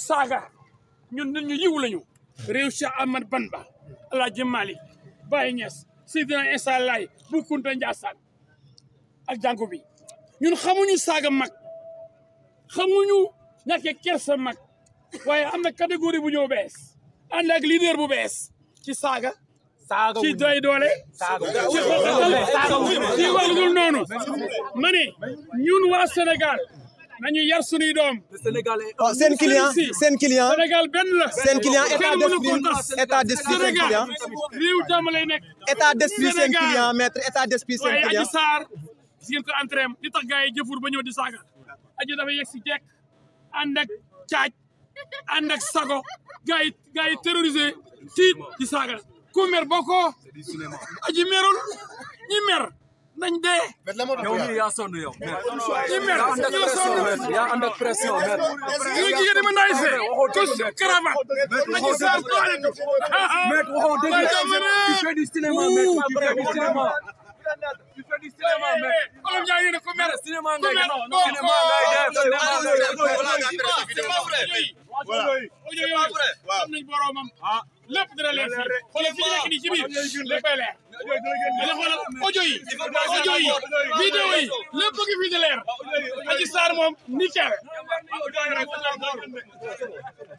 saaga ñun nit ñu yiw lañu réew Cheikh Ahmad Bamba Alaaji Maalik Baye Niass Seydina Issa Laye Bukunta bi ñun xamuñu saaga mag xamuñu ñàkkee kersa mag waaye am na catégorie bu ñëw bees ànd ak leader bu bees ci saaga ci doy doole ci xoxatal ci noonu ma ñun waa Sénégal na nañu yar suñuy doom. Oh, seen client seen client. Sénégal benn la. seen client état d'esprit état d'esprit seen client. réew jàmm lay nekk. état d'esprit seen client maître état d'esprit seen client. waaye Adji Sarr gis ngeen ko ba ñëw di saaga. aji dafa yegg si jekk ànd ak caaj ànd ak sago gars yi gars yi terrorisé tiit di saaga ku mer boo aji merul ñi mer. Ya nañ dee. yow mii yaa sonn yow. ci mer yow sonn yaa ànd ak pression mer. ñu ngi yéen a mën a essayé. tous caravane. nañu saa doole ko. mec waxoo dégg nga tu fais du cinéma mec tu fais du cinéma. tu fais du cinéma mec. Olof Ndiaye yéen a ko mer. cinéma ngay def cinéma ngay def. xam nañ boromam ah. lépp dina leer fii xoolal fi ñu nekk nii ci biir léppay leer dina xoolal audio yi audio yi vidéo yi lépp ngi fii di